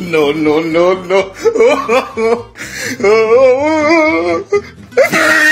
No, no, no, no.